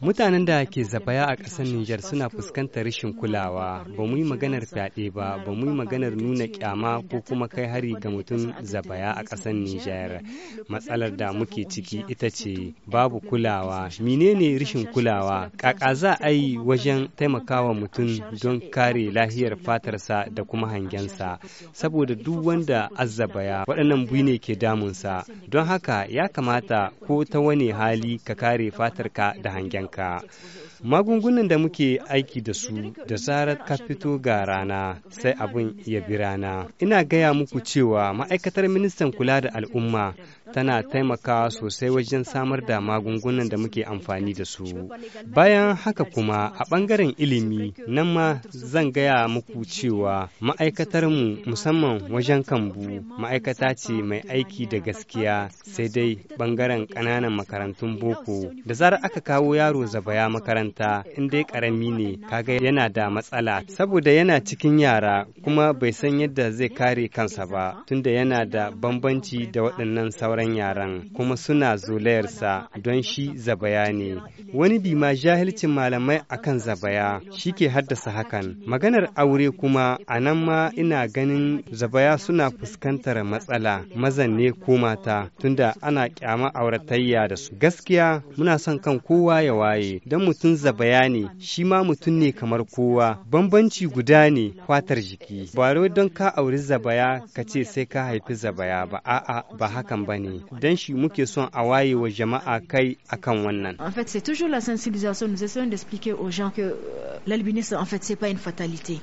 Mutanen da ke zabaya a ƙasar Nijar suna fuskantar rashin kulawa, ba mu yi maganar fyaɗe ba, ba mu yi maganar nuna kyama ko kuma kai hari ga mutum zabaya a ƙasar Nijar. Matsalar da muke ciki ita ce babu kulawa. Menene rashin kulawa? Kaka za a yi wajen taimakawa mutum don kare lahiyar fatarsa da kuma hangensa, saboda duk wanda azzabaya waɗannan bui ne ke damunsa. Don haka ya kamata ko ta wani ne hali ka kare fatar ka da hangen ka magungunan da muke aiki da su da zarar ka fito ga rana sai abin ya bi rana ina gaya muku cewa ma'aikatar ministan kula da al'umma tana taimakawa sosai wajen samar da magungunan da muke amfani da su. Bayan haka kuma a bangaren ilimi nan ma zan gaya muku cewa ma'aikatarmu musamman wajen kambu ma'aikata ce mai aiki da gaskiya sai dai bangaren ƙananan makarantun boko. Da zarar aka kawo yaro zabaya makaranta in dai ƙarami ne kaga yana da matsala saboda yana cikin yara kuma bai san yadda zai kare kansa ba tunda yana da bambanci da waɗannan sauran kan yaran kuma suna zolayarsa don shi zabaya ne wani bi ma jahilcin malamai akan zabaya shi ke haddasa hakan maganar aure kuma a nan ma ina ganin zabaya suna fuskantar matsala mazan ne ko mata tunda ana kyama auratayya da su gaskiya muna son kan kowa ya waye don mutum zabaya ne shi ma mutum ne kamar kowa bambanci guda ne fatar jiki ba don ka auri zabaya ka ce sai ka haifi zabaya ba a'a ba hakan ba ne en fait c'est toujours la sensibilisation nous essayons d'expliquer aux gens que euh, l'albinisme en fait c'est pas une fatalité